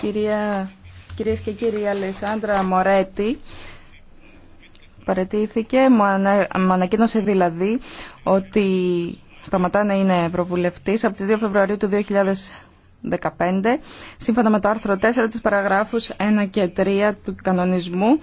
Κυρία, κυρίες και κύριοι, Αλεσάνδρα Μορέτη παρετήθηκε, μου ανακοίνωσε δηλαδή ότι σταματά να είναι Ευρωβουλευτής από τις 2 Φεβρουαρίου του 2015, σύμφωνα με το άρθρο 4 της παραγράφους 1 και 3 του κανονισμού,